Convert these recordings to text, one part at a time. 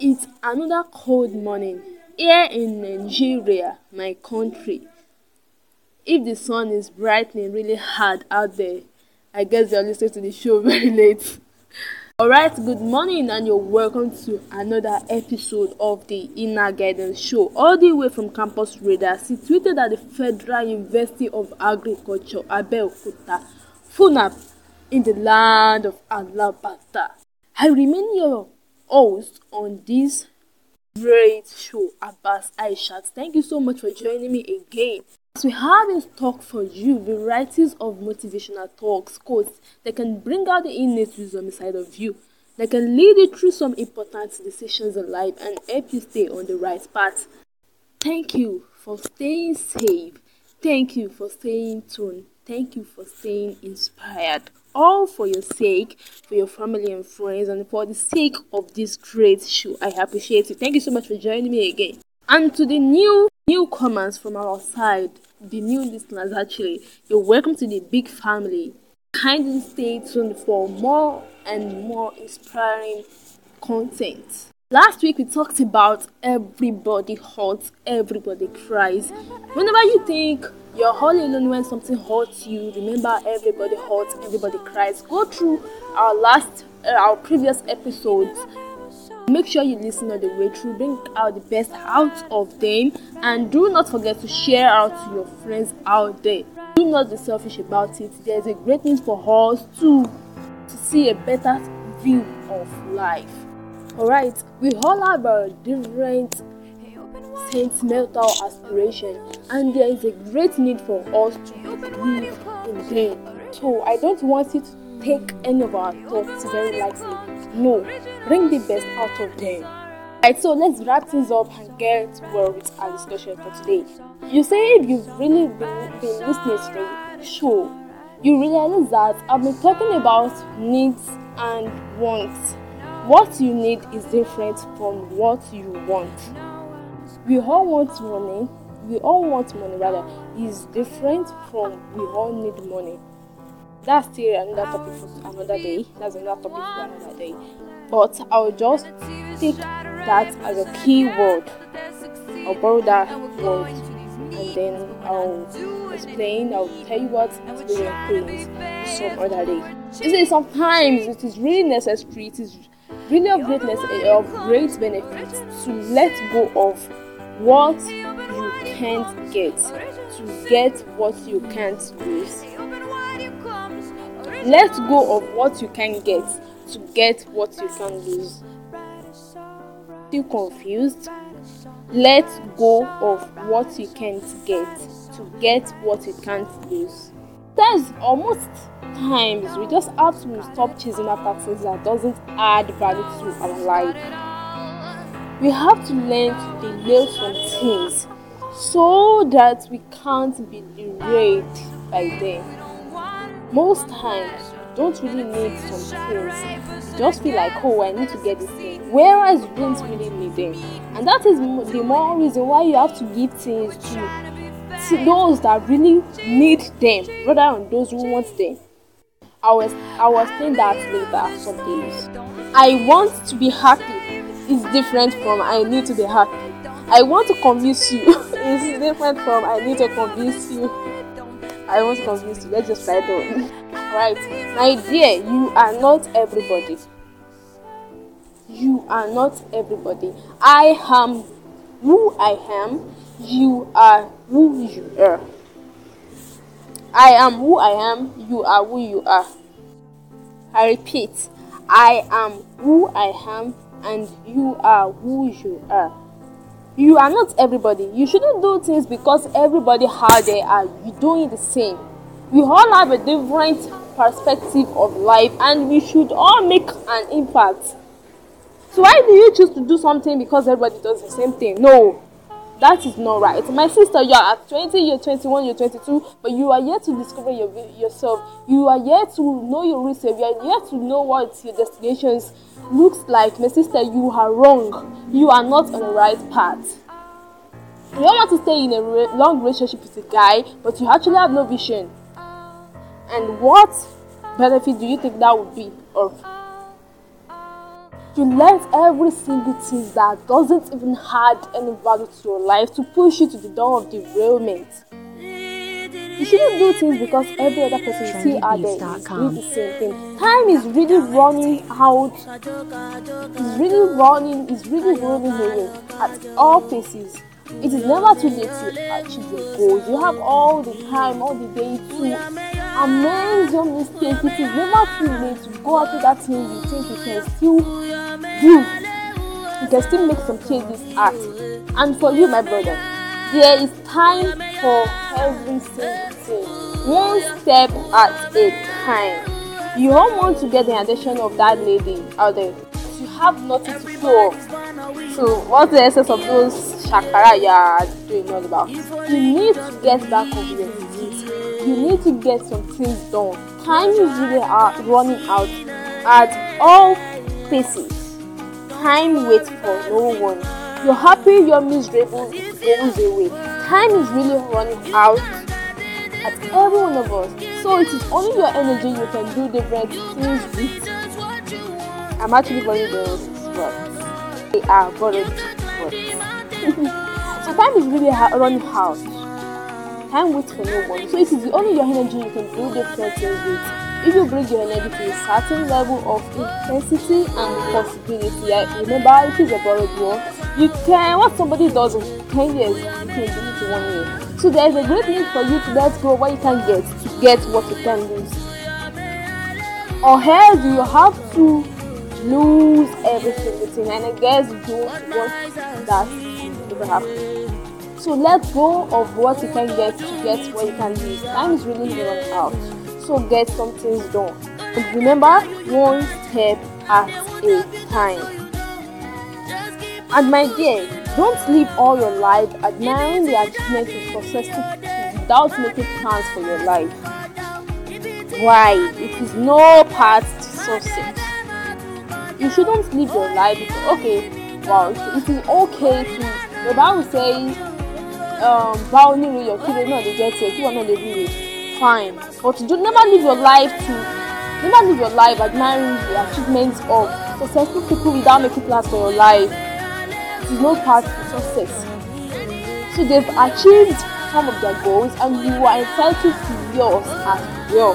It's another cold morning here in Nigeria, my country. If the sun is brightening really hard out there, I guess you're listening to the show very late. Alright, good morning, and you're welcome to another episode of the Inner Guidance Show, all the way from Campus Radar, situated at the Federal University of Agriculture, Abeokuta, Funab, in the land of Alabata. I remain your host on this great show, Abbas Aishat. Thank you so much for joining me again. As we have in stock for you varieties of motivational talks, quotes that can bring out the innate wisdom inside of you, that can lead you through some important decisions in life and help you stay on the right path. Thank you for staying safe. Thank you for staying tuned. Thank you for staying inspired all for your sake, for your family and friends, and for the sake of this great show. I appreciate it. Thank you so much for joining me again. And to the new newcomers from our side, the new listeners actually, you're welcome to the big family. Kindly stay tuned for more and more inspiring content. Last week we talked about everybody hurts, everybody cries. Whenever you think you're all alone when something hurts you, remember everybody hurts, everybody cries. Go through our last, uh, our previous episodes. Make sure you listen all the way through, bring out the best out of them, and do not forget to share out to your friends out there. Do not be selfish about it. There's a great need for us to, to see a better view of life. All right, we all have our different sentimental aspiration, and there is a great need for us to live in them. So I don't want you to take any of our thoughts very lightly. No, bring the best out of them. Alright, so let's wrap things up and get well with our discussion for today. You said you've really been, been listening to the show. You realize that I've been talking about needs and wants what you need is different from what you want. We all want money. We all want money, rather, is different from we all need money. That's still another topic for another day. That's another topic for another day. But I'll just take that as a key word. I'll borrow that word and then I'll explain, I'll tell you what experience is some other day. You see, sometimes it is really necessary, it is really of greatness of great benefits to let go of what you can't get to get what you can't lose let go of what you can get to get what you can lose still confused let go of what you can't get to get what you can't lose sometimes or most times we just have to stop chasing after things that doesn't add value to our life we have to learn to delay some things so that we can't be derailed by them most times don't really need some things just feel like oh i need to get this thing whereas you don't really need them and that is the more reason why you have to give things to those that really need them rather than those who want them. I was I was saying that later some days. I want to be happy is different from I need to be happy. I want to convince you is different from I need to convince you. I want to convince you. Let's just try on. Right. My dear, you are not everybody. You are not everybody. I am who I am you are who you are. I am who I am. You are who you are. I repeat, I am who I am, and you are who you are. You are not everybody. You shouldn't do things because everybody how they are. You doing the same. We all have a different perspective of life, and we should all make an impact. So why do you choose to do something because everybody does the same thing? No, that is not right. My sister, you are at 20, you're 21, you're 22, but you are yet to discover your, yourself. You are yet to know your research. You are yet to know what your destinations looks like. My sister, you are wrong. You are not on the right path. You don't want to stay in a re- long relationship with a guy, but you actually have no vision. And what benefit do you think that would be of you learned every single thing that doesn't even add any value to your life to push you to the door of derailment. You shouldn't do things because every other person you see out there is doing the same thing. Time is really running out. It's really running. It's really running away at all places. It is never too late to achieve your goals. You have all the time, all the day to amend your mistakes. It is never too late to go after that thing you think you can still you, you can still make some changes at. And for you, my brother, there is time for everything. One step at a time. You all want to get the attention of that lady out there. You have nothing to show. So, what's the essence of those shakara you are doing all about? You need to get back on your feet. You need to get some things done. Time is really uh, running out at all places. Time waits for no one. You're happy, you're miserable, it goes away. Time is really running out at every one of us. So it is only your energy you can do different things with. I'm actually very this, but they are borrowed. so time is really ha- running out. Time waits for no one. So it is only your energy you can do different things with. If you bring your energy to a certain level of intensity and possibility, I remember it is a borrowed word. You can what somebody does in 10 years, you can do it in one year. So there is a great need for you to let go what you can get, to get what you can lose. Or else you have to lose everything within, and I guess you don't want that to ever happen. So let go of what you can get to get what you can lose. Time is really running out also get some things done. But remember, one step at a time. And my dear, don't live all your life admiring the achievements of successful people without making plans for your life. Why? It is no path to success. You shouldn't live your life okay, well, it is okay to, the Bible says, um, bow knee your children, no, they get it, you are not the Fine but do never live your life to never live your life admiring the achievements of successful people without making plans for your life. It is no part of success. So they've achieved some of their goals and you are entitled to yours as well.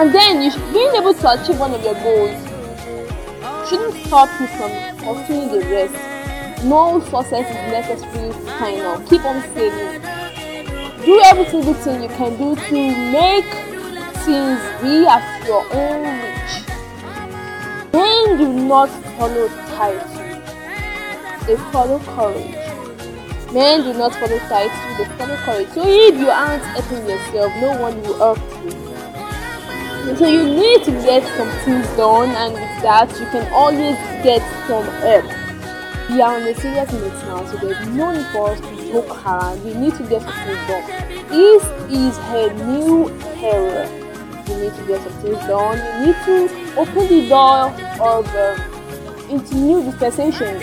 And then you should, being able to achieve one of your goals shouldn't stop you from pursuing the rest. No success is necessary, kind of. Keep on saving do everything you can do to make things be at your own reach. Then do not follow title, they follow courage. Men do not follow title, they follow courage. So if you aren't helping yourself, no one will help you. So you need to get some things done, and with that, you can always get some help. We are on a serious note now, so there's no need for us to joke her. We need to get to done. This is her new era. We need to get some things done. We need to open the door of uh, into new dispensations.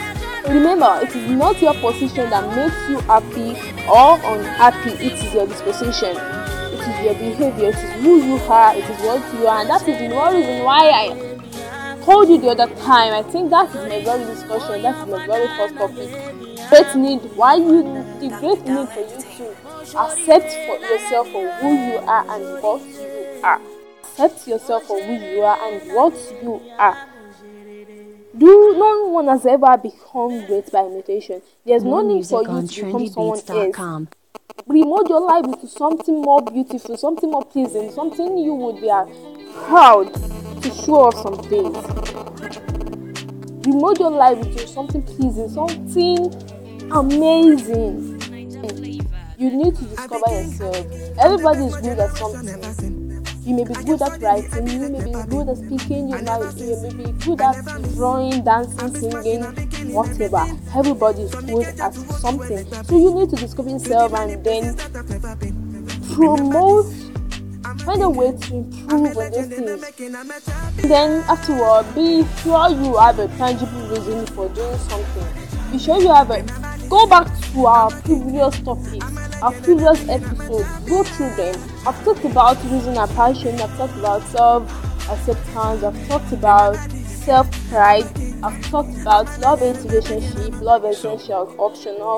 Remember, it is not your position that makes you happy or unhappy. It is your disposition. It is your behavior. It is who you are. It is what you are. And that is the one reason why I told you the other time, I think that is my very discussion, that is my very first topic. Great need, why you, the great need for you to accept for yourself for who you are and what you are. Accept yourself for who you are and what you are. Do no one has ever become great by imitation. There's no need for you to become someone else. Remold your life into something more beautiful, something more pleasing, something you would be proud to show off some things. You mold your life into something pleasing, something amazing. You need to discover yourself. Everybody is good at something. You may be good at writing, you may be good at speaking, you may, you may be good at drawing, dancing, singing, whatever. Everybody is good at something. So you need to discover yourself and then promote find a way to improve on these things. Then afterward, be sure you have a tangible reason for doing something. Be sure you have a go back to our previous topics, our previous episodes, go through them. I've talked about reason and passion, I've talked about self acceptance, I've talked about self pride. I've talked about love-based relationship, love essential, optional,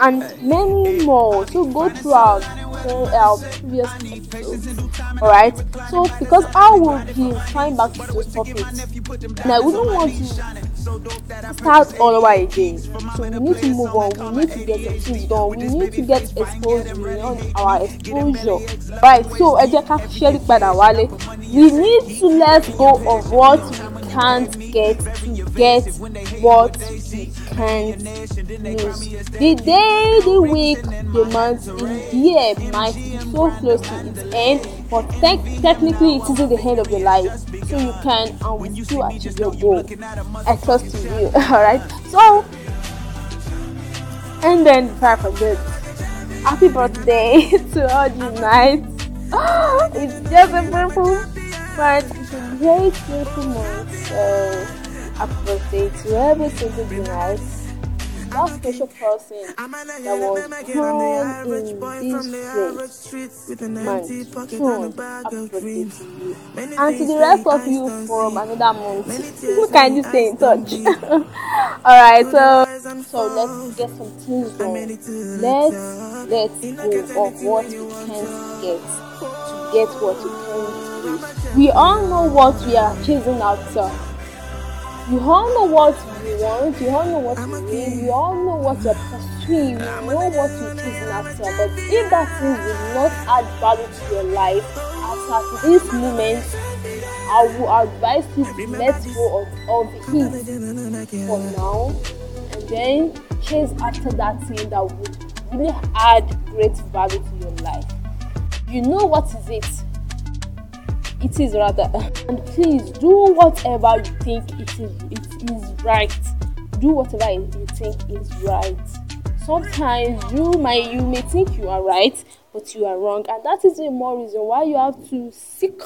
and many more. So go through our uh, previous episodes. Alright? So because I will be trying back to those topics. And I wouldn't want to start all over again. So we need to move on. We need to get things done. We need to get exposed beyond our exposure. Right, so I just have to share it by the Padawale, we need to let go of what we can't get to get what you can't lose. The day, the week, the month, the year might be so close to its end, but te- technically it isn't the end of your life. So you can and will still achieve your goal. I trust in you. Alright? So, and then prepare for good. Happy birthday to all the nice. it's just a beautiful but it's a very beautiful month, so happy birthday to every single unite. That special person that was born in this street, my throne, happy you. And to the rest of you from another month, who can you stay in touch? Alright, so, so let's get some things done. Let's let go of what we can't get to get what we can we all know what we are chasing after. You all know what you want, you all know what you need, you all know what you're pursuing, you know what you're chasing after. But if that thing will not add value to your life, at this moment, I will advise you to let go of, of it for now and then chase after that thing that will really add great value to your life. You know what is it? it is rather and please do whatever you think it is it is right do whatever you think is right sometimes you may you may think you are right but you are wrong and that is the more reason why you have to seek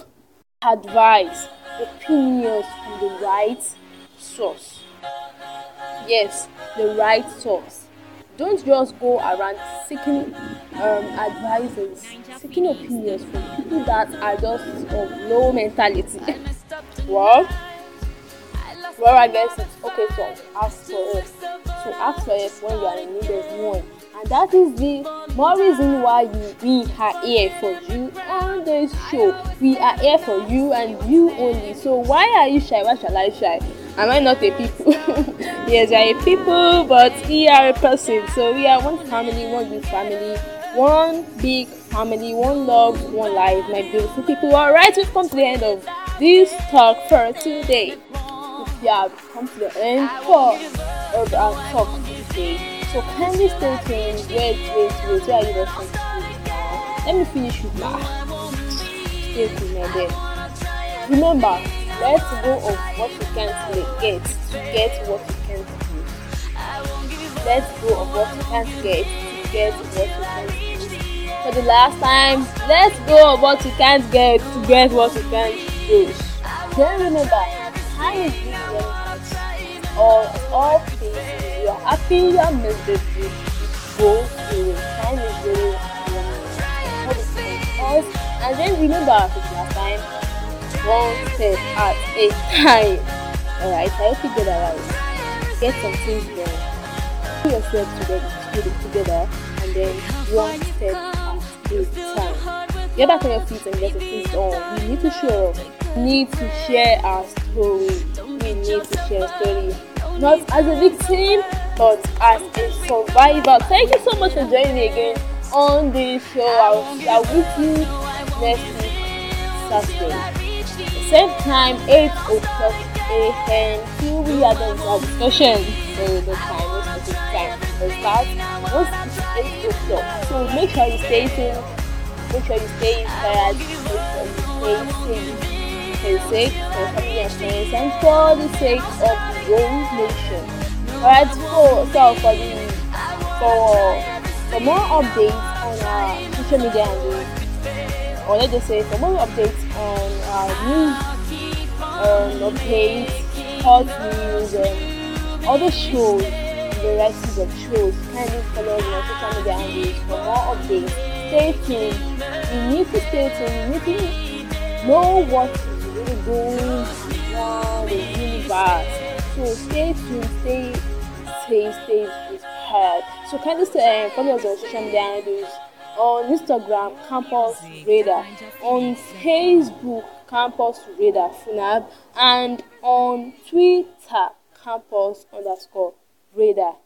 advice opinions from the right source yes the right source don't just go around seeking um, advices, seeking opinions from people that are just of low mentality. well, well, I guess it's okay to ask for help. To ask for help when you are in need of one. And that is the more reason why you, we are here for you on this show. We are here for you and you only. So why are you shy? Why shall I shy? Am I not a people? yes, I are a people, but we are a person. So we are one family, one big family. one big family, one love, one life, my beautiful people. All right, we've come to the end of this talk for today. If you have come to the end for of our talk today, so kindly stay tuned. Wait, wait, wait. Where are you going to Let me finish with my stay tuned, my dear. Remember, let go of what you can't get to get what you can't do. Let go of what you can't get get what you can't do. For the last time, let's go what you can't get to get what you can't do. Then remember, how is this benefit? All all things you are happy you are miserable, go through time is very important. And then remember for the last time, one step at a time. Alright, I hope you get that right. Get some things done. Put yourself together put it together and then one step at a time. Get back on your feet and get your feet on. We need to share. need to share our story. We need to share story. Not as a victim, but as a survivor. Thank you so much for joining me again on this show. I will with you next week, Saturday. Same time, 8 o'clock a.m. Here we are the discussion. So the time is the time will start once it's 8 So make sure you stay tuned, make sure you stay inspired, make sure you stay safe for your sake, for your family and friends, and for the sake of the whole nation. Alright, for so for the for for more updates on our social media and or let's just say for more updates on our news um, updates, hot news, and other shows varieties of shows. Kindly follow us on social media handles for more updates. Stay tuned. You need to stay tuned. You need to know what is really going on the universe. So stay tuned. Stay, stay, stay inspired. So kindly stay, uh, follow us on social media handles on Instagram Campus Radar, on Facebook Campus Radar Funab, and on Twitter Campus underscore Radar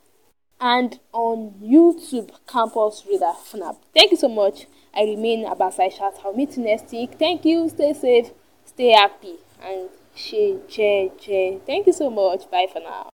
and on YouTube Campus Reader FNAB. Thank you so much. I remain Abasai Shat. I'll meet you next week. Thank you. Stay safe, stay happy, and she, she, she. Thank you so much. Bye for now.